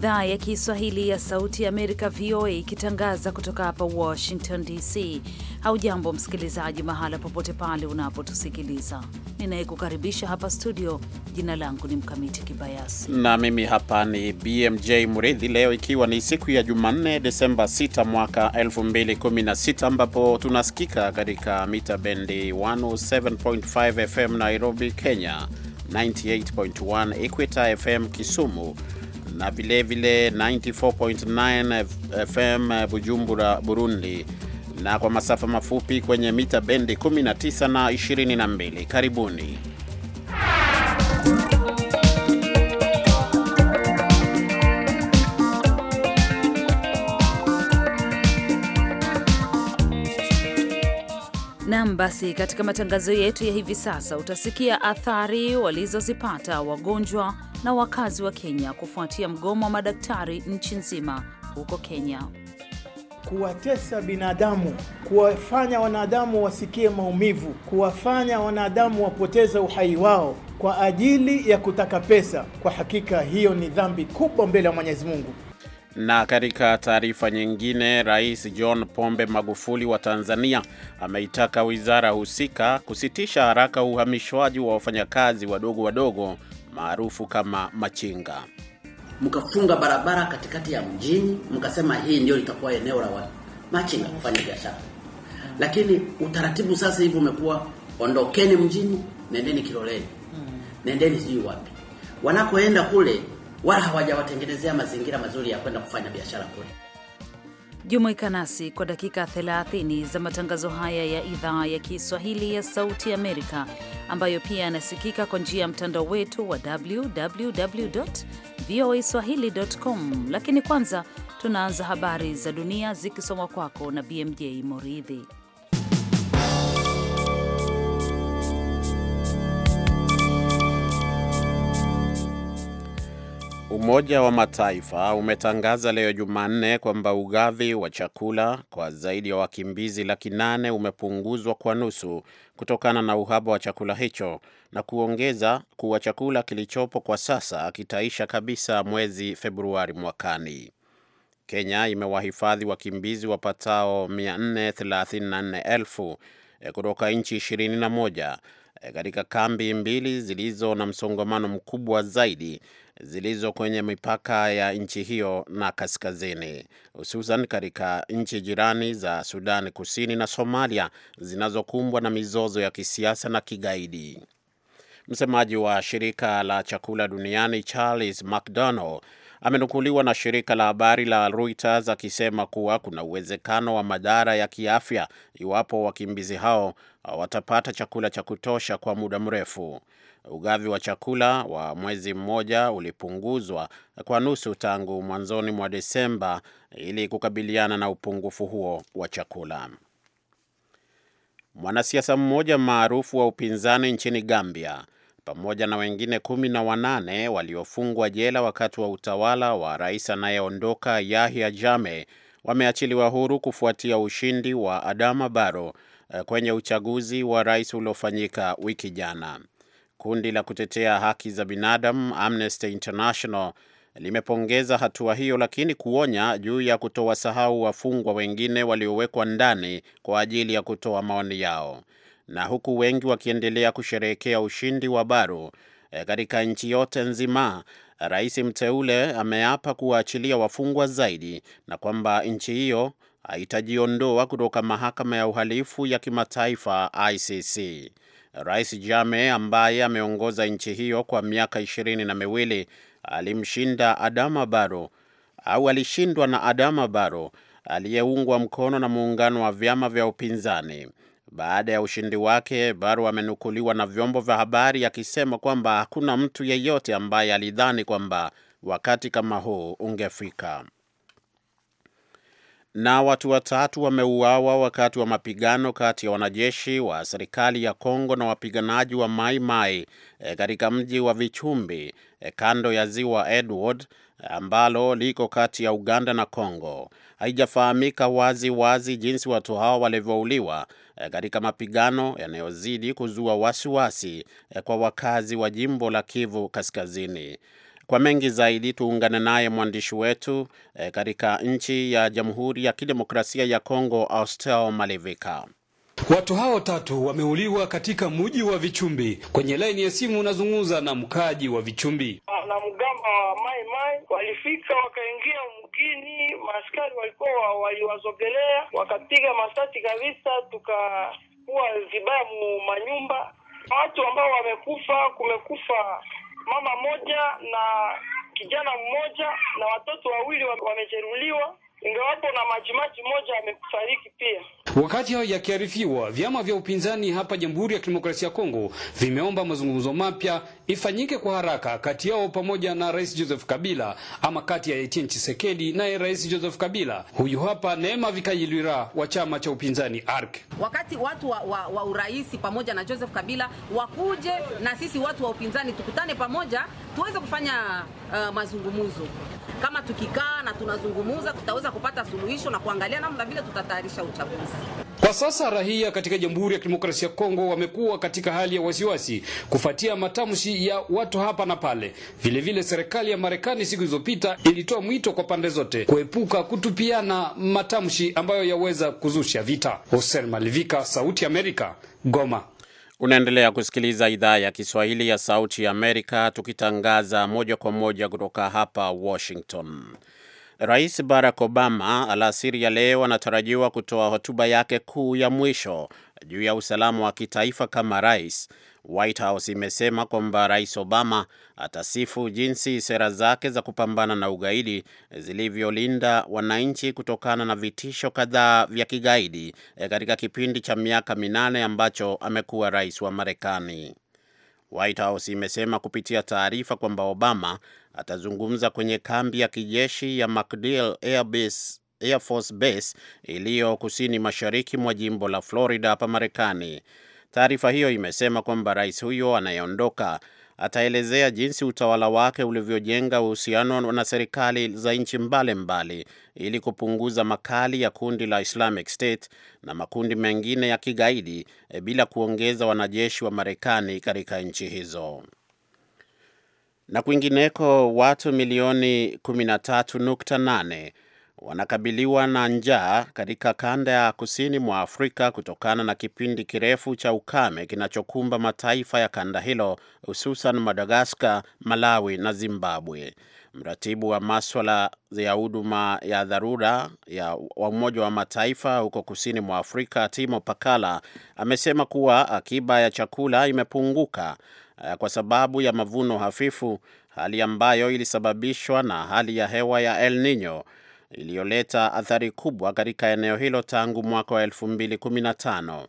idhaa ya Kiswahili ya Sauti ya Amerika, VOA, ikitangaza kutoka hapa Washington DC. Haujambo msikilizaji, mahala popote pale unapotusikiliza. Ninayekukaribisha hapa studio, jina langu ni Mkamiti Kibayasi na mimi hapa ni BMJ Mridhi. Leo ikiwa ni siku ya Jumanne, Desemba 6 mwaka 2016, ambapo tunasikika katika mita bendi 107.5 FM Nairobi, Kenya, 98.1 Equita FM Kisumu na vilevile 94.9 FM Bujumbura, Burundi, na kwa masafa mafupi kwenye mita bendi 19 na 22. Karibuni. Basi katika matangazo yetu ya hivi sasa utasikia athari walizozipata wagonjwa na wakazi wa Kenya kufuatia mgomo wa madaktari nchi nzima huko Kenya. Kuwatesa binadamu, kuwafanya wanadamu wasikie maumivu, kuwafanya wanadamu wapoteze uhai wao kwa ajili ya kutaka pesa, kwa hakika hiyo ni dhambi kubwa mbele ya Mwenyezi Mungu. Na katika taarifa nyingine, Rais John Pombe Magufuli wa Tanzania ameitaka wizara husika kusitisha haraka uhamishwaji wa wafanyakazi wadogo wadogo maarufu kama machinga. Mkafunga barabara katikati ya mjini, mkasema hii ndio litakuwa eneo la machinga kufanya biashara, lakini utaratibu sasa hivi umekuwa ondokeni mjini, nendeni Kiloleni, hmm. nendeni sijui wapi. Wanakoenda kule wala hawajawatengenezea mazingira mazuri ya kwenda kufanya biashara kule. Jumuika nasi kwa dakika 30 za matangazo haya ya idhaa ya Kiswahili ya Sauti Amerika, ambayo pia yanasikika kwa njia ya mtandao wetu wa www voa swahili.com. Lakini kwanza tunaanza habari za dunia zikisomwa kwako na BMJ Moridhi. Umoja wa Mataifa umetangaza leo Jumanne kwamba ugavi wa chakula kwa zaidi ya wakimbizi laki nane umepunguzwa kwa nusu kutokana na uhaba wa chakula hicho na kuongeza kuwa chakula kilichopo kwa sasa kitaisha kabisa mwezi Februari mwakani. Kenya imewahifadhi wakimbizi wapatao 434,000 e, kutoka nchi 21 e, katika kambi mbili zilizo na msongamano mkubwa zaidi zilizo kwenye mipaka ya nchi hiyo na kaskazini, hususan katika nchi jirani za Sudan Kusini na Somalia zinazokumbwa na mizozo ya kisiasa na kigaidi. Msemaji wa shirika la chakula duniani Charles mcdonal amenukuliwa na shirika la habari la Reuters akisema kuwa kuna uwezekano wa madhara ya kiafya iwapo wakimbizi hao watapata chakula cha kutosha kwa muda mrefu. Ugavi wa chakula wa mwezi mmoja ulipunguzwa kwa nusu tangu mwanzoni mwa Desemba ili kukabiliana na upungufu huo wa chakula. Mwanasiasa mmoja maarufu wa upinzani nchini Gambia pamoja na wengine kumi na wanane waliofungwa jela wakati wa utawala wa rais anayeondoka Yahya Jammeh wameachiliwa huru kufuatia ushindi wa Adama Barrow eh, kwenye uchaguzi wa rais uliofanyika wiki jana. Kundi la kutetea haki za binadamu Amnesty International limepongeza hatua hiyo, lakini kuonya juu ya kutowasahau wafungwa wengine waliowekwa ndani kwa ajili ya kutoa maoni yao. Na huku wengi wakiendelea kusherehekea ushindi wa Baru e, katika nchi yote nzima, rais mteule ameapa kuwaachilia wafungwa zaidi na kwamba nchi hiyo haitajiondoa kutoka mahakama ya uhalifu ya kimataifa ICC. Rais Jame ambaye ameongoza nchi hiyo kwa miaka ishirini na miwili alimshinda Adama Baro au alishindwa na Adama Baro aliyeungwa mkono na muungano wa vyama vya upinzani. Baada ya ushindi wake, Baro amenukuliwa na vyombo vya habari akisema kwamba hakuna mtu yeyote ambaye alidhani kwamba wakati kama huu ungefika. Na watu watatu wameuawa wakati wa mapigano kati ya wanajeshi wa serikali ya Kongo na wapiganaji wa Mai Mai e, katika mji wa Vichumbi e, kando ya ziwa Edward ambalo liko kati ya Uganda na Kongo. Haijafahamika wazi wazi jinsi watu hao walivyouliwa e, katika mapigano yanayozidi kuzua wasiwasi wasi e, kwa wakazi wa jimbo la Kivu Kaskazini. Kwa mengi zaidi tuungane naye mwandishi wetu e, katika nchi ya Jamhuri ya Kidemokrasia ya Kongo, Austel Malivika. Watu hao tatu wameuliwa katika mji wa Vichumbi. Kwenye laini ya simu unazungumza na mkaaji wa Vichumbi. Wanamgambo ah, wa ah, mai mai walifika wakaingia mgini, maaskari walikuwa waliwazogelea, wakapiga masasi kabisa, tukakuwa vibaya mu manyumba. Watu ambao wamekufa, kumekufa mama moja na kijana mmoja na watoto wawili wamejeruhiwa, ingawapo na majimaji moja amefariki pia. Wakati hayo yakiarifiwa, vyama vya upinzani hapa Jamhuri ya Kidemokrasia ya Kongo vimeomba mazungumzo mapya ifanyike kwa haraka kati yao pamoja na Rais Joseph Kabila ama kati ya Etienne Tshisekedi naye Rais Joseph Kabila. Huyu hapa Neema Vikayilwira wa chama cha upinzani ARC. Wakati watu wa, wa, wa uraisi pamoja na Joseph Kabila wakuje na sisi watu wa upinzani tukutane pamoja tuweze kufanya uh, mazungumzo kama tukikaa na tunazungumza tutaweza kupata suluhisho na kuangalia namna vile tutatayarisha uchaguzi. Kwa sasa raia katika Jamhuri ya Kidemokrasia ya Kongo wamekuwa katika hali ya wasiwasi kufuatia matamshi ya watu hapa na pale. Vilevile, serikali ya Marekani siku zilizopita ilitoa mwito kwa pande zote kuepuka kutupiana matamshi ambayo yaweza kuzusha vita. Hussein Malivika, Sauti Amerika, Goma. Unaendelea kusikiliza idhaa ya Kiswahili ya Sauti ya Amerika tukitangaza moja kwa moja kutoka hapa Washington. Rais Barack Obama alasiri ya leo anatarajiwa kutoa hotuba yake kuu ya mwisho juu ya usalama wa kitaifa kama rais. White House imesema kwamba Rais Obama atasifu jinsi sera zake za kupambana na ugaidi zilivyolinda wananchi kutokana na vitisho kadhaa vya kigaidi eh, katika kipindi cha miaka minane ambacho amekuwa rais wa Marekani. White House imesema kupitia taarifa kwamba Obama atazungumza kwenye kambi ya kijeshi ya MacDill Air Base Air Force Base iliyo kusini mashariki mwa jimbo la Florida hapa Marekani. Taarifa hiyo imesema kwamba rais huyo anayeondoka ataelezea jinsi utawala wake ulivyojenga uhusiano na serikali za nchi mbalimbali ili kupunguza makali ya kundi la Islamic State na makundi mengine ya kigaidi e, bila kuongeza wanajeshi wa Marekani katika nchi hizo. Na kwingineko, watu milioni 13.8 wanakabiliwa na njaa katika kanda ya kusini mwa Afrika kutokana na kipindi kirefu cha ukame kinachokumba mataifa ya kanda hilo hususan Madagaskar, Malawi na Zimbabwe. Mratibu wa maswala ya huduma ya dharura ya Umoja wa Mataifa huko kusini mwa Afrika, Timo Pakala, amesema kuwa akiba ya chakula imepunguka eh, kwa sababu ya mavuno hafifu, hali ambayo ilisababishwa na hali ya hewa ya El Nino iliyoleta athari kubwa katika eneo hilo tangu mwaka wa 2015.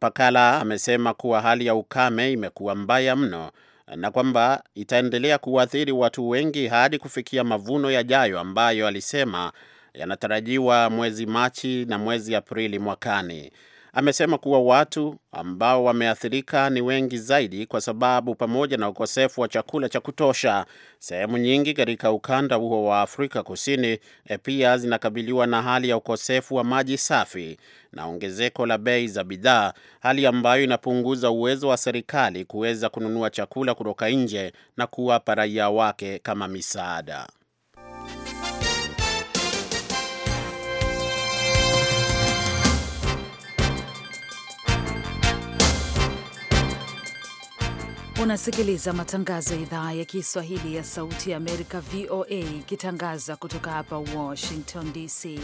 Pakala amesema kuwa hali ya ukame imekuwa mbaya mno na kwamba itaendelea kuathiri watu wengi hadi kufikia mavuno yajayo ambayo alisema yanatarajiwa mwezi Machi na mwezi Aprili mwakani amesema kuwa watu ambao wameathirika ni wengi zaidi kwa sababu pamoja na ukosefu wa chakula cha kutosha, sehemu nyingi katika ukanda huo wa Afrika Kusini e pia zinakabiliwa na hali ya ukosefu wa maji safi na ongezeko la bei za bidhaa, hali ambayo inapunguza uwezo wa serikali kuweza kununua chakula kutoka nje na kuwapa raia wake kama misaada. Unasikiliza matangazo ya idhaa ya Kiswahili ya Sauti ya Amerika, VOA, ikitangaza kutoka hapa Washington DC.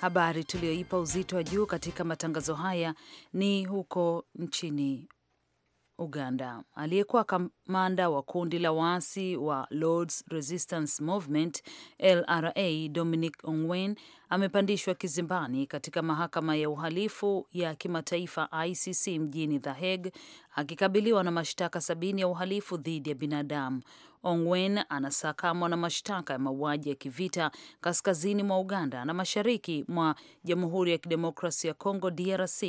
Habari tuliyoipa uzito wa juu katika matangazo haya ni huko nchini Uganda. Aliyekuwa kamanda wa kundi la waasi wa Lords Resistance Movement LRA Dominic Ongwen amepandishwa kizimbani katika mahakama ya uhalifu ya kimataifa ICC mjini The Hague akikabiliwa na mashtaka sabini ya uhalifu dhidi ya binadamu. Ongwen anasakamwa na mashtaka ya mauaji ya kivita kaskazini mwa Uganda na mashariki mwa Jamhuri ya Kidemokrasia ya Kongo DRC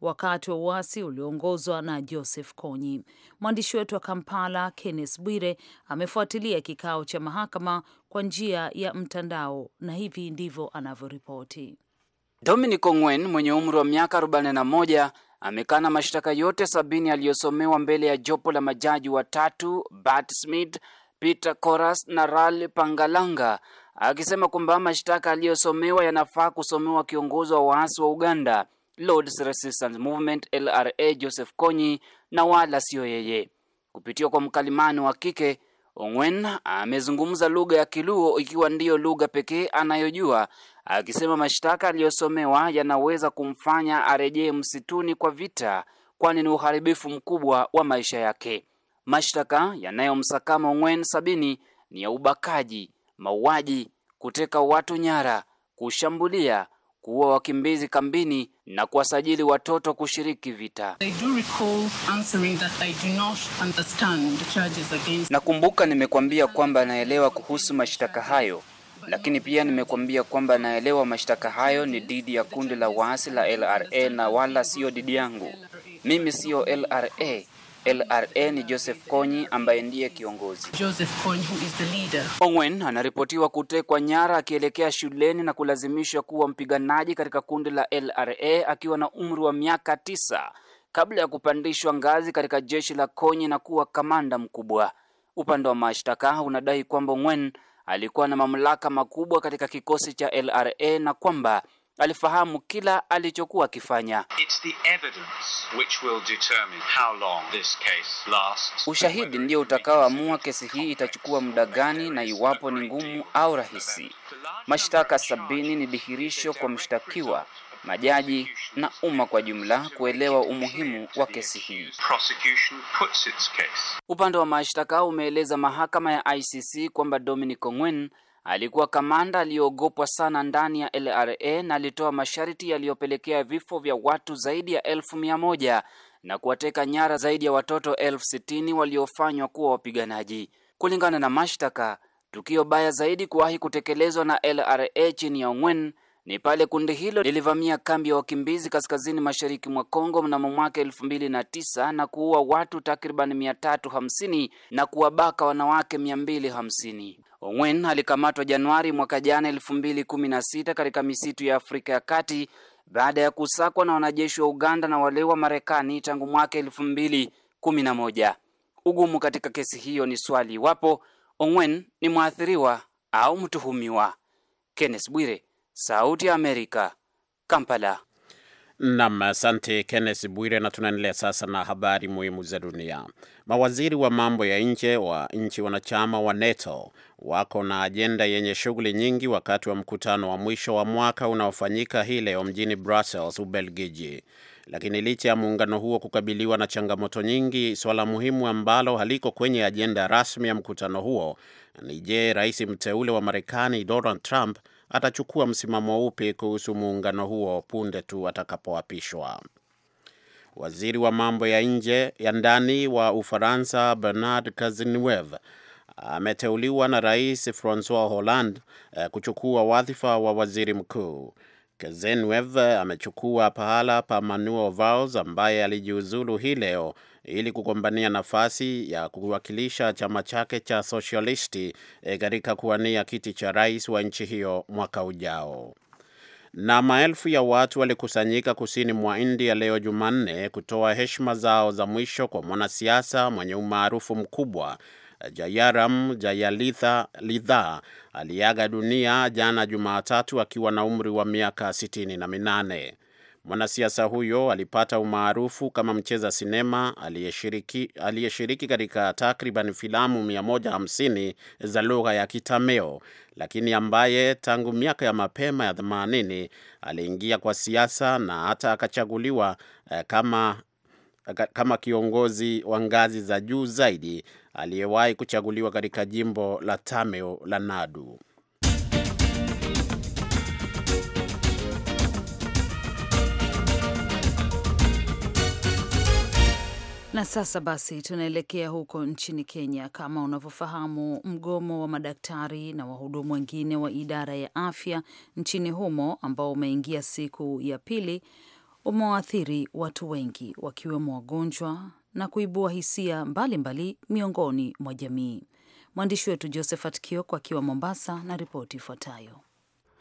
wakati wa uasi ulioongozwa na Joseph Konyi. Mwandishi wetu wa Kampala Kenneth Bwire amefuatilia kikao cha mahakama kwa njia ya mtandao na hivi ndivyo anavyoripoti. Dominic Ongwen mwenye umri wa miaka 41 amekana mashtaka yote sabini aliyosomewa mbele ya jopo la majaji watatu Bart Smith Peter Koras na Rali Pangalanga akisema kwamba mashtaka aliyosomewa yanafaa kusomewa kiongozi wa waasi wa Uganda Lord's Resistance Movement LRA Joseph Konyi na wala siyo yeye. Kupitia kwa mkalimani wa kike, Ongwen amezungumza lugha ya Kiluo ikiwa ndiyo lugha pekee anayojua, akisema mashtaka aliyosomewa yanaweza kumfanya arejee msituni kwa vita, kwani ni uharibifu mkubwa wa maisha yake. Mashtaka yanayomsakama Ongwen Sabini ni ya ubakaji, mauaji, kuteka watu nyara, kushambulia, kuua wakimbizi kambini na kuwasajili watoto kushiriki vita. Nakumbuka nimekwambia kwamba naelewa kuhusu mashtaka hayo, lakini pia nimekwambia kwamba naelewa mashtaka hayo ni dhidi ya kundi la waasi la LRA na wala siyo dhidi yangu. Mimi siyo LRA LRA ni Joseph Konyi ambaye ndiye kiongozi. Joseph Konyi who is the leader. Ongwen anaripotiwa kutekwa nyara akielekea shuleni na kulazimishwa kuwa mpiganaji katika kundi la LRA akiwa na umri wa miaka tisa kabla ya kupandishwa ngazi katika jeshi la Konyi na kuwa kamanda mkubwa. Upande wa mashtaka unadai kwamba Ongwen alikuwa na mamlaka makubwa katika kikosi cha LRA na kwamba alifahamu kila alichokuwa akifanya. Ushahidi ndio utakaoamua kesi hii itachukua muda gani na iwapo ni ngumu au rahisi. Mashtaka sabini ni dhihirisho kwa mshtakiwa majaji na umma kwa jumla kuelewa umuhimu wa kesi hii. Upande wa mashtaka umeeleza mahakama ya ICC kwamba Dominic Ongwen Alikuwa kamanda aliyeogopwa sana ndani ya LRA na alitoa masharti yaliyopelekea vifo vya watu zaidi ya elfu mia moja na kuwateka nyara zaidi ya watoto elfu sitini waliofanywa kuwa wapiganaji. Kulingana na mashtaka, tukio baya zaidi kuwahi kutekelezwa na LRA chini ya Ongwen ni pale kundi hilo lilivamia kambi ya wakimbizi kaskazini mashariki mwa Kongo mnamo mwaka 2009 na kuua watu takriban 350 na kuwabaka wanawake 250. Ongwen alikamatwa Januari mwaka jana 2016 katika misitu ya Afrika ya Kati baada ya kusakwa na wanajeshi wa Uganda na wale wa Marekani tangu mwaka 2011. Ugumu katika kesi hiyo ni swali iwapo Ongwen ni mwathiriwa au mtuhumiwa. Kenneth Bwire, Sauti ya Amerika, Kampala. Nam, asante Kenneth Bwire, na tunaendelea sasa na habari muhimu za dunia. Mawaziri wa mambo ya nje wa nchi wanachama wa NATO wako na ajenda yenye shughuli nyingi wakati wa mkutano wa mwisho wa mwaka unaofanyika hii leo mjini Brussels, Ubelgiji. Lakini licha ya muungano huo kukabiliwa na changamoto nyingi, suala muhimu ambalo haliko kwenye ajenda rasmi ya mkutano huo ni je, rais mteule wa Marekani Donald Trump atachukua msimamo upi kuhusu muungano huo punde tu atakapoapishwa. Waziri wa mambo ya nje ya ndani wa Ufaransa Bernard Cazeneuve ameteuliwa na Rais Francois Hollande eh, kuchukua wadhifa wa waziri mkuu. Cazeneuve amechukua pahala pa Manuel Valls ambaye alijiuzulu hii leo ili kugombania nafasi ya kuwakilisha chama chake cha sosialisti eh, katika kuwania kiti cha rais wa nchi hiyo mwaka ujao. Na maelfu ya watu walikusanyika kusini mwa India leo Jumanne kutoa heshima zao za mwisho kwa mwanasiasa mwenye umaarufu mkubwa eh, Jayaram Jayalidha aliaga dunia jana Jumatatu akiwa na umri wa miaka sitini na minane. Mwanasiasa huyo alipata umaarufu kama mcheza sinema aliyeshiriki katika takriban filamu 150 za lugha ya Kitameo, lakini ambaye tangu miaka ya mapema ya 80 aliingia kwa siasa na hata akachaguliwa eh, kama kama kiongozi wa ngazi za juu zaidi aliyewahi kuchaguliwa katika jimbo la tameo la Nadu. Na sasa basi tunaelekea huko nchini Kenya. Kama unavyofahamu, mgomo wa madaktari na wahudumu wengine wa idara ya afya nchini humo ambao umeingia siku ya pili umewaathiri watu wengi, wakiwemo wagonjwa na kuibua hisia mbalimbali mbali miongoni mwa jamii. Mwandishi wetu Josephat Kioko akiwa Mombasa na ripoti ifuatayo.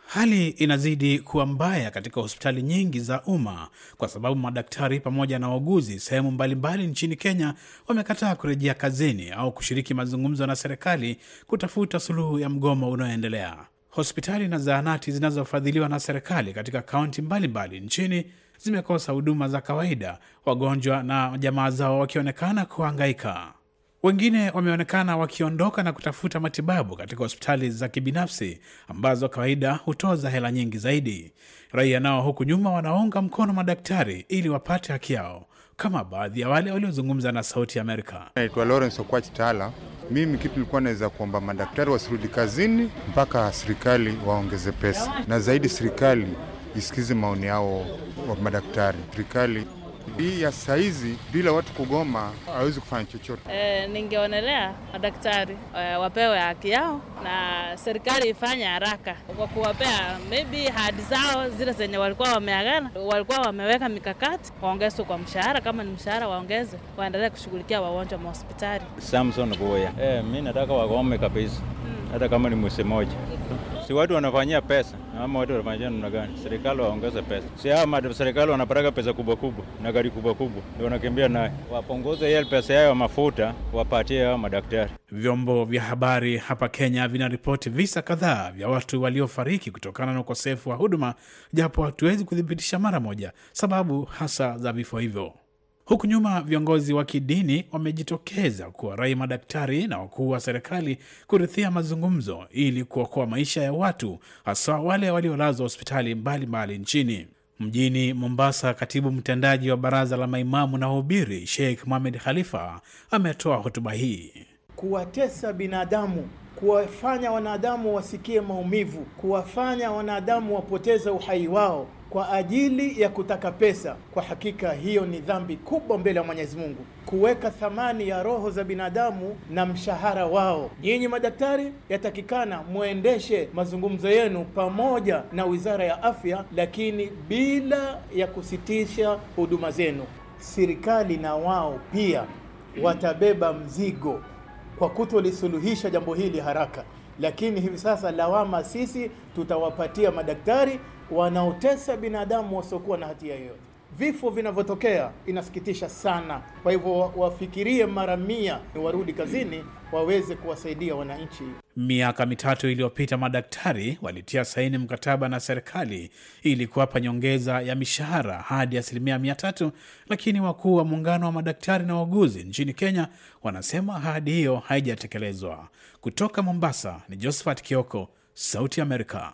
Hali inazidi kuwa mbaya katika hospitali nyingi za umma kwa sababu madaktari pamoja na wauguzi sehemu mbalimbali nchini Kenya wamekataa kurejea kazini au kushiriki mazungumzo na serikali kutafuta suluhu ya mgomo unaoendelea. Hospitali na zahanati zinazofadhiliwa na serikali katika kaunti mbalimbali nchini zimekosa huduma za kawaida, wagonjwa na jamaa zao wakionekana kuhangaika. Wengine wameonekana wakiondoka na kutafuta matibabu katika hospitali za kibinafsi ambazo kawaida hutoza hela nyingi zaidi. Raia nao huku nyuma wanaunga mkono madaktari ili wapate haki yao, kama baadhi ya wale waliozungumza na Sauti ya Amerika. Naitwa Lawrence Okwach Tala. Mimi kitu nilikuwa naweza kuomba madaktari wasirudi kazini mpaka serikali waongeze pesa, na zaidi serikali isikize maoni yao wa madaktari. Serikali hii ya saizi bila watu kugoma hawezi kufanya chochote. E, ningeonelea madaktari e, wapewe haki yao na serikali ifanye haraka kwa kuwapea maybe hadi zao zile zenye walikuwa wameagana, walikuwa wameweka mikakati, waongezwe kwa mshahara, kama ni mshahara waongeze, waendelee kushughulikia wagonjwa mahospitali. Samson Boya, e, eh, mi nataka wagome kabisa, hmm. hata kama ni mwezi moja si watu wanafanyia pesa ama watu wanafanyia namna gani? Serikali waongeze pesa, si ama serikali wanapataka pesa kubwa kubwa na gari kubwa kubwa ndio wanakimbia naye, wapunguze hiyo pesa yayo mafuta, wapatie hao madaktari. Vyombo vya habari hapa Kenya vinaripoti visa kadhaa vya watu waliofariki kutokana na ukosefu wa huduma, japo hatuwezi kuthibitisha mara moja sababu hasa za vifo hivyo. Huku nyuma viongozi wa kidini wamejitokeza kuwa rai madaktari na wakuu wa serikali kurithia mazungumzo ili kuokoa maisha ya watu, hasa wale waliolazwa hospitali mbalimbali nchini. Mjini Mombasa, katibu mtendaji wa baraza la maimamu na wahubiri Sheikh Mohamed Khalifa ametoa hotuba hii. Kuwatesa binadamu, kuwafanya wanadamu wasikie maumivu, kuwafanya wanadamu wapoteze uhai wao kwa ajili ya kutaka pesa, kwa hakika hiyo ni dhambi kubwa mbele ya Mwenyezi Mungu, kuweka thamani ya roho za binadamu na mshahara wao. Nyinyi madaktari, yatakikana mwendeshe mazungumzo yenu pamoja na Wizara ya Afya, lakini bila ya kusitisha huduma zenu. Serikali na wao pia watabeba mzigo kwa kutolisuluhisha jambo hili haraka, lakini hivi sasa lawama sisi tutawapatia madaktari wanaotesa binadamu wasiokuwa na hatia yoyote. Vifo vinavyotokea inasikitisha sana. Kwa hivyo wafikirie mara mia, ni warudi kazini waweze kuwasaidia wananchi. Miaka mitatu iliyopita madaktari walitia saini mkataba na serikali ili kuwapa nyongeza ya mishahara hadi asilimia mia tatu, lakini wakuu wa muungano wa madaktari na wauguzi nchini Kenya wanasema ahadi hiyo haijatekelezwa. Kutoka Mombasa ni Josephat Kioko, Sauti Amerika.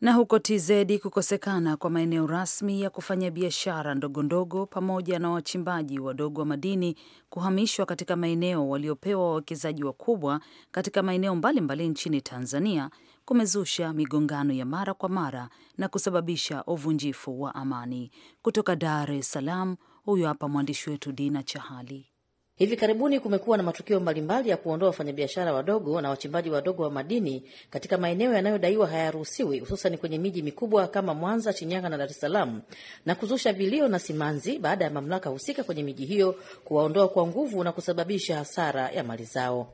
Na huko TZ kukosekana kwa maeneo rasmi ya kufanya biashara ndogondogo pamoja na wachimbaji wadogo wa madini kuhamishwa katika maeneo waliopewa wawekezaji wakubwa katika maeneo mbalimbali nchini Tanzania kumezusha migongano ya mara kwa mara na kusababisha uvunjifu wa amani. Kutoka Dar es Salaam, huyu hapa mwandishi wetu Dina Chahali. Hivi karibuni kumekuwa na matukio mbalimbali ya kuondoa wafanyabiashara wadogo na wachimbaji wadogo wa madini katika maeneo yanayodaiwa hayaruhusiwi, hususan kwenye miji mikubwa kama Mwanza, Shinyanga na Dar es Salaam, na kuzusha vilio na simanzi baada ya mamlaka husika kwenye miji hiyo kuwaondoa kwa nguvu na kusababisha hasara ya mali zao.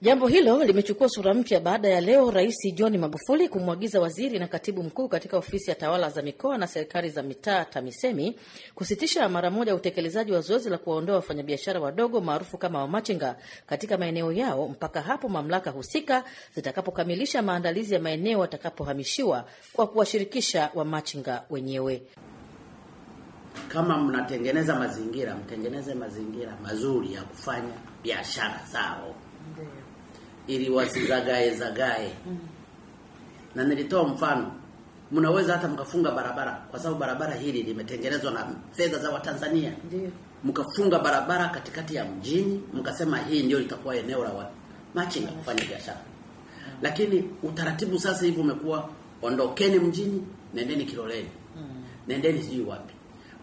Jambo hilo limechukua sura mpya baada ya leo Rais John Magufuli kumwagiza waziri na katibu mkuu katika ofisi ya tawala za mikoa na serikali za mitaa TAMISEMI kusitisha mara moja utekelezaji wa zoezi la kuwaondoa wafanyabiashara wadogo maarufu kama wamachinga katika maeneo yao mpaka hapo mamlaka husika zitakapokamilisha maandalizi ya maeneo watakapohamishiwa kwa kuwashirikisha wamachinga wenyewe. Kama mnatengeneza mazingira, mtengeneze mazingira mazuri ya kufanya biashara zao ili wasizagae zagae. Na nilitoa mfano, mnaweza hata mkafunga barabara kwa sababu barabara hili limetengenezwa na fedha za Watanzania. Ndio. Mkafunga barabara katikati ya mjini, mkasema hii ndio litakuwa eneo la machinga kufanya biashara. Lakini utaratibu sasa hivi umekuwa ondokeni mjini, nendeni Kiloleni. Hmm. Nendeni sijui wapi.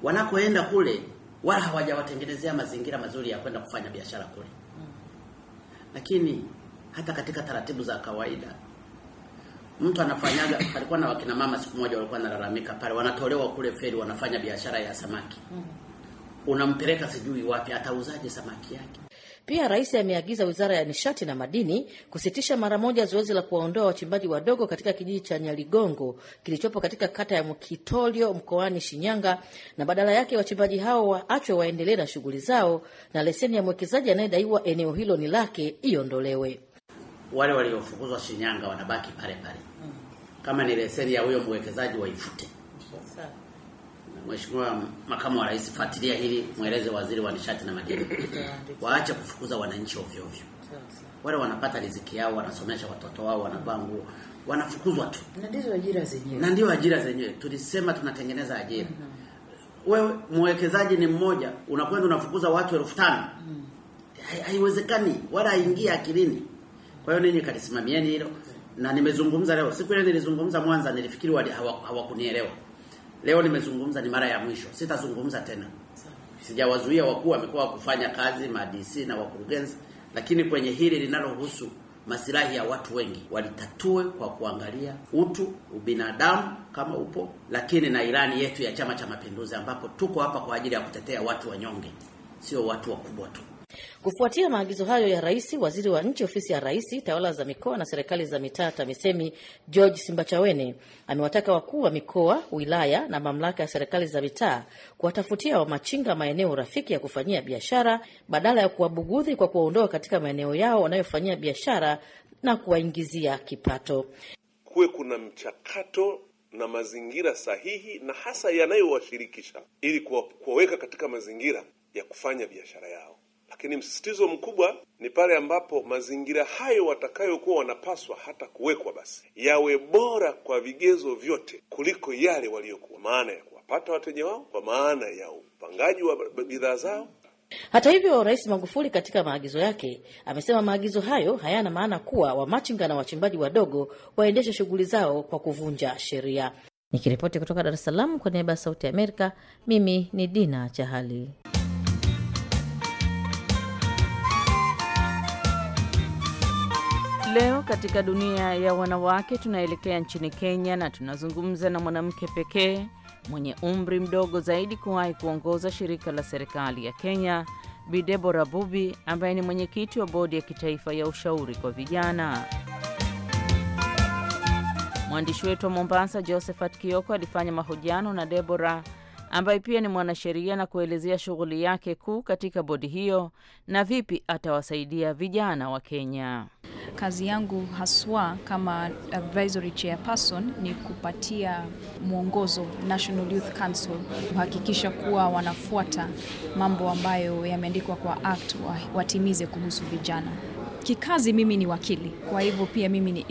Wanakoenda kule wala hawajawatengenezea mazingira mazuri ya kwenda kufanya biashara kule. Hmm. Lakini hata katika taratibu za kawaida. Mtu anafanyaga alikuwa na wakina mama siku moja walikuwa nalalamika pale, wanatolewa kule feri, wanafanya biashara ya samaki. Unampeleka sijui wapi, atauzaje samaki yake? Pia rais ameagiza wizara ya nishati na madini kusitisha mara moja zoezi la kuwaondoa wachimbaji wadogo katika kijiji cha Nyaligongo kilichopo katika kata ya Mkitolio mkoani Shinyanga, na badala yake wachimbaji hao waachwe waendelee na shughuli zao, na leseni ya mwekezaji anayedaiwa eneo hilo ni lake iondolewe wale waliofukuzwa Shinyanga wanabaki pale pale. Mm. Kama ni leseni ya huyo mwekezaji waifute. Mheshimiwa Makamu wa Rais, fuatilia hili, mweleze Waziri wa Nishati na Madini waache kufukuza wananchi ovyo ovyo. Wale wanapata riziki yao, wanasomesha watoto wao, wanavaa nguo, wanafukuzwa tu, na ndizo ajira zenyewe, na ndio ajira zenyewe. Tulisema tunatengeneza ajira. Mm-hmm. Wewe mwekezaji ni mmoja, unakwenda unafukuza watu elfu tano. Mm. Haiwezekani, wala haingii akilini. Kwa hiyo ninyi kalisimamieni hilo, na nimezungumza leo. Siku ile nilizungumza Mwanza, nilifikiri hawakunielewa. Leo nimezungumza, ni mara ya mwisho, sitazungumza tena. Sijawazuia wakuu, wamekuwa kufanya kazi ma-DC na wakurugenzi, lakini kwenye hili linalohusu masilahi ya watu wengi walitatue kwa kuangalia utu, ubinadamu kama upo, lakini na ilani yetu ya Chama cha Mapinduzi, ambapo tuko hapa kwa ajili ya kutetea watu wanyonge, sio watu wakubwa tu. Kufuatia maagizo hayo ya rais, waziri wa nchi ofisi ya rais, tawala za mikoa na serikali za mitaa TAMISEMI George Simbachawene amewataka wakuu wa mikoa, wilaya na mamlaka ya serikali za mitaa kuwatafutia wamachinga maeneo rafiki ya kufanyia biashara badala ya kuwabugudhi kwa kuwaondoa katika maeneo yao wanayofanyia biashara na kuwaingizia kipato. Kuwe kuna mchakato na mazingira sahihi na hasa yanayowashirikisha ili kuwaweka katika mazingira ya kufanya biashara yao lakini msisitizo mkubwa ni pale ambapo mazingira hayo watakayokuwa wanapaswa hata kuwekwa, basi yawe bora kwa vigezo vyote kuliko yale waliokuwa, maana ya kuwapata wateja wao, kwa maana ya upangaji wa bidhaa zao. Hata hivyo, Rais Magufuli katika maagizo yake amesema maagizo hayo hayana maana kuwa wamachinga na wachimbaji wadogo waendeshe shughuli zao kwa kuvunja sheria. Nikiripoti kutoka Dar es Salaam kwa niaba ya Sauti ya Amerika, mimi ni Dina Chahali. leo katika dunia ya wanawake tunaelekea nchini Kenya na tunazungumza na mwanamke pekee mwenye umri mdogo zaidi kuwahi kuongoza shirika la serikali ya Kenya, Bi Debora Bubi ambaye ni mwenyekiti wa bodi ya kitaifa ya ushauri kwa vijana. Mwandishi wetu wa Mombasa Josephat Kioko alifanya mahojiano na Debora ambaye pia ni mwanasheria na kuelezea shughuli yake kuu katika bodi hiyo na vipi atawasaidia vijana wa Kenya kazi yangu haswa kama advisory chairperson ni kupatia mwongozo National Youth Council kuhakikisha kuwa wanafuata mambo ambayo yameandikwa kwa act watimize kuhusu vijana. Kikazi mimi ni wakili, kwa hivyo pia mimi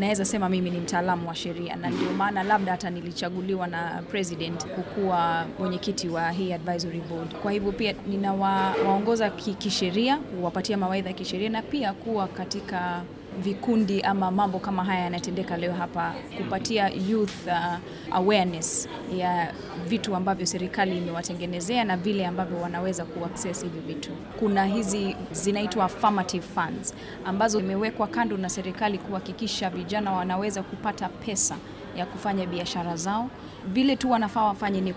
naweza sema mimi ni mtaalamu wa sheria, na ndio maana labda hata nilichaguliwa na president kukuwa mwenyekiti wa hii advisory board. Kwa hivyo pia ninawaongoza kisheria, kuwapatia mawaidha ya kisheria na pia kuwa katika vikundi ama mambo kama haya yanatendeka leo hapa, kupatia youth uh, awareness ya vitu ambavyo serikali imewatengenezea na vile ambavyo wanaweza kuaccess hivi vitu. Kuna hizi zinaitwa affirmative funds ambazo imewekwa kando na serikali kuhakikisha vijana wanaweza kupata pesa ya kufanya biashara zao. Vile tu wanafaa wafanye ni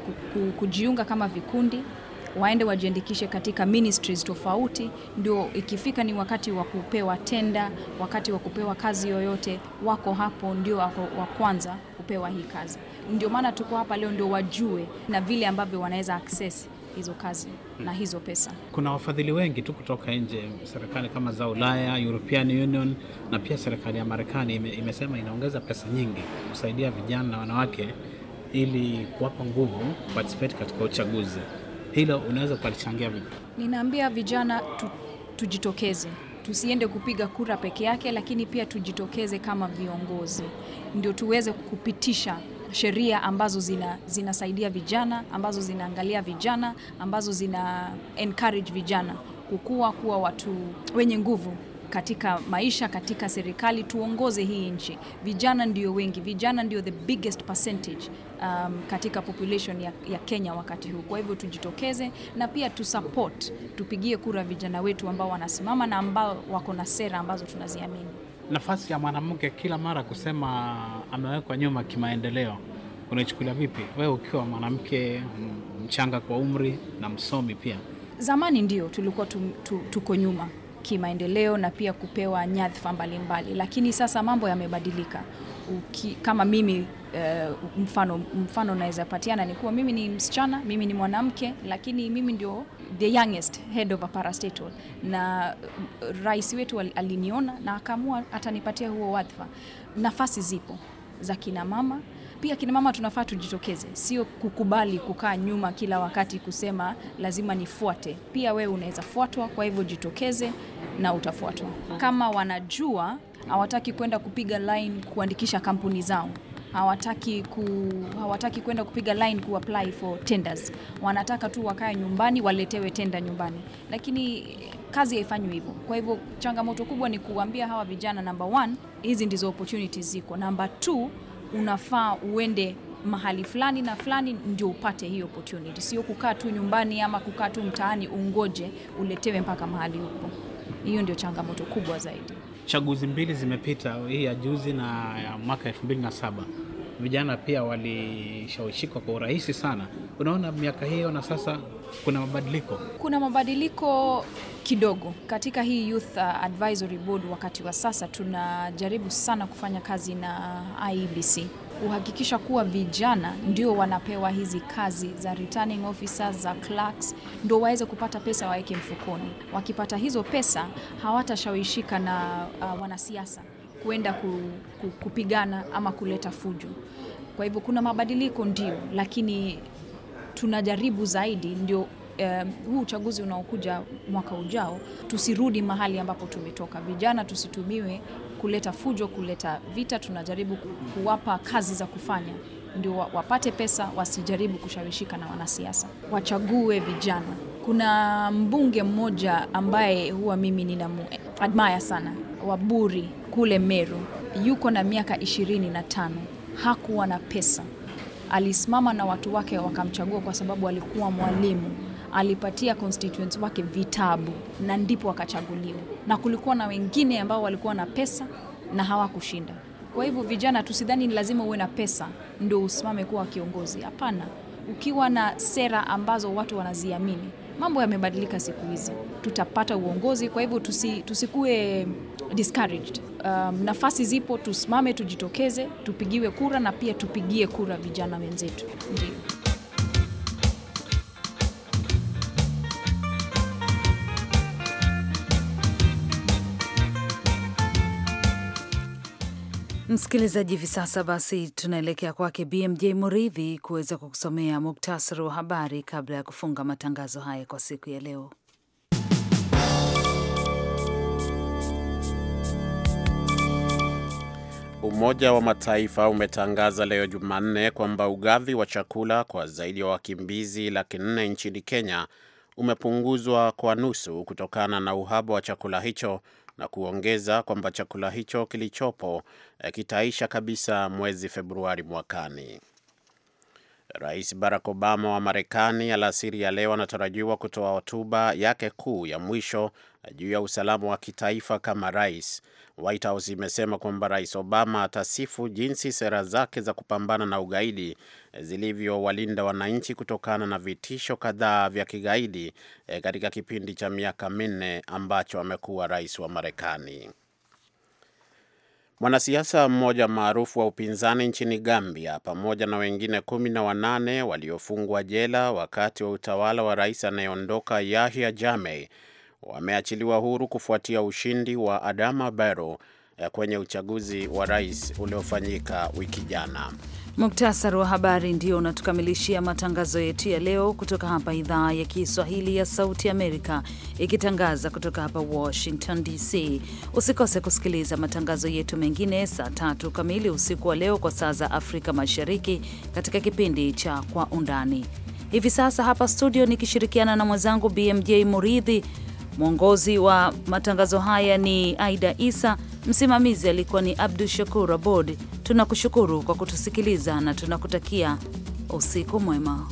kujiunga kama vikundi waende wajiandikishe katika ministries tofauti, ndio ikifika ni wakati wa kupewa tenda, wakati wa kupewa kazi yoyote, wako hapo, ndio wako wa kwanza kupewa hii kazi. Ndio maana tuko hapa leo, ndio wajue na vile ambavyo wanaweza access hizo kazi na hizo pesa. Kuna wafadhili wengi tu kutoka nje, serikali kama za Ulaya, European Union na pia serikali ya Marekani ime, imesema inaongeza pesa nyingi kusaidia vijana na wanawake ili kuwapa nguvu participate katika uchaguzi hilo unaweza ukalichangia vipi? Ninaambia vijana tu, tujitokeze tusiende kupiga kura peke yake, lakini pia tujitokeze kama viongozi, ndio tuweze kupitisha sheria ambazo zina, zinasaidia vijana, ambazo zinaangalia vijana, ambazo zina encourage vijana kukua kuwa watu wenye nguvu katika maisha, katika serikali, tuongoze hii nchi. Vijana ndio wengi, vijana ndio the biggest percentage um, katika population ya, ya Kenya wakati huu. Kwa hivyo tujitokeze na pia tusupport, tupigie kura vijana wetu ambao wanasimama na ambao wako na sera ambazo tunaziamini. Nafasi ya mwanamke kila mara kusema amewekwa nyuma kimaendeleo, unachukulia vipi wewe ukiwa mwanamke mchanga kwa umri na msomi pia? Zamani ndio tulikuwa tuko nyuma kimaendeleo na pia kupewa nyadhifa mbalimbali, lakini sasa mambo yamebadilika. kama mimi uh, mfano mfano naweza patiana ni kuwa mimi ni msichana, mimi ni mwanamke, lakini mimi ndio the youngest head of a parastatal, na eh, rais wetu aliniona na akaamua atanipatia huo wadhifa. Nafasi zipo za kina mama pia kina mama tunafaa tujitokeze, sio kukubali kukaa nyuma kila wakati kusema lazima nifuate. Pia wewe unaweza fuatwa, kwa hivyo jitokeze na utafuatwa. Kama wanajua hawataki kwenda kupiga line kuandikisha kampuni zao hawataki ku, hawataki kwenda kupiga line ku apply for tenders. Wanataka tu wakae nyumbani waletewe tenda nyumbani, lakini kazi haifanywi hivyo. Kwa hivyo changamoto kubwa ni kuambia hawa vijana, number one, hizi ndizo opportunities ziko. Number two, unafaa uende mahali fulani na fulani ndio upate hiyo opportunity, sio kukaa tu nyumbani ama kukaa tu mtaani ungoje uletewe mpaka mahali huko. Hiyo ndio changamoto kubwa zaidi. Chaguzi mbili zimepita, hii ya juzi na ya mwaka elfu mbili na saba vijana pia walishawishika kwa urahisi sana. Unaona miaka hiyo na sasa kuna mabadiliko, kuna mabadiliko kidogo katika hii Youth uh, Advisory Board. Wakati wa sasa tunajaribu sana kufanya kazi na IEBC kuhakikisha kuwa vijana ndio wanapewa hizi kazi za returning officers, za clerks, ndio waweze kupata pesa waweke mfukoni. Wakipata hizo pesa hawatashawishika na uh, wanasiasa kuenda ku, ku, kupigana ama kuleta fujo. Kwa hivyo kuna mabadiliko ndio, lakini tunajaribu zaidi ndio Uh, huu uchaguzi unaokuja mwaka ujao tusirudi mahali ambapo tumetoka. Vijana tusitumiwe kuleta fujo, kuleta vita. Tunajaribu kuwapa kazi za kufanya ndio wapate pesa, wasijaribu kushawishika na wanasiasa, wachague vijana. Kuna mbunge mmoja ambaye huwa mimi ninamu admire sana, Waburi kule Meru, yuko na miaka ishirini na tano. Hakuwa na pesa, alisimama na watu wake wakamchagua kwa sababu alikuwa mwalimu alipatia constituents wake vitabu na ndipo wakachaguliwa, na kulikuwa na wengine ambao walikuwa na pesa na hawakushinda. Kwa hivyo vijana, tusidhani ni lazima uwe na pesa ndio usimame kuwa kiongozi. Hapana, ukiwa na sera ambazo watu wanaziamini mambo yamebadilika siku hizi, tutapata uongozi. Kwa hivyo tusi, tusikue discouraged. Um, nafasi zipo, tusimame, tujitokeze, tupigiwe kura na pia tupigie kura vijana wenzetu, ndio. Msikilizaji, hivi sasa basi tunaelekea kwake BMJ Muridhi kuweza kukusomea muktasari wa habari kabla ya kufunga matangazo haya kwa siku ya leo. Umoja wa Mataifa umetangaza leo Jumanne kwamba ugavi wa chakula kwa zaidi ya wa wakimbizi laki nne nchini Kenya umepunguzwa kwa nusu kutokana na uhaba wa chakula hicho na kuongeza kwamba chakula hicho kilichopo eh, kitaisha kabisa mwezi Februari mwakani. Rais Barack Obama wa Marekani alasiri ya leo anatarajiwa kutoa hotuba yake kuu ya mwisho juu ya usalama wa kitaifa kama rais. White House imesema kwamba Rais Obama atasifu jinsi sera zake za kupambana na ugaidi zilivyowalinda wananchi kutokana na vitisho kadhaa vya kigaidi eh, katika kipindi cha miaka minne ambacho amekuwa rais wa Marekani. Mwanasiasa mmoja maarufu wa upinzani nchini Gambia pamoja na wengine kumi na wanane waliofungwa jela wakati wa utawala wa rais anayeondoka Yahya Jammeh wameachiliwa huru kufuatia ushindi wa Adama Barrow eh, kwenye uchaguzi wa rais uliofanyika wiki jana. Muktasari wa habari ndio unatukamilishia matangazo yetu ya leo kutoka hapa idhaa ya Kiswahili ya Sauti Amerika, ikitangaza kutoka hapa Washington DC. Usikose kusikiliza matangazo yetu mengine saa tatu kamili usiku wa leo kwa saa za Afrika Mashariki, katika kipindi cha Kwa Undani. Hivi sasa hapa studio nikishirikiana na mwenzangu BMJ Muridhi. Mwongozi wa matangazo haya ni Aida Isa. Msimamizi alikuwa ni Abdu Shakur Abod. Tunakushukuru kwa kutusikiliza na tunakutakia usiku mwema.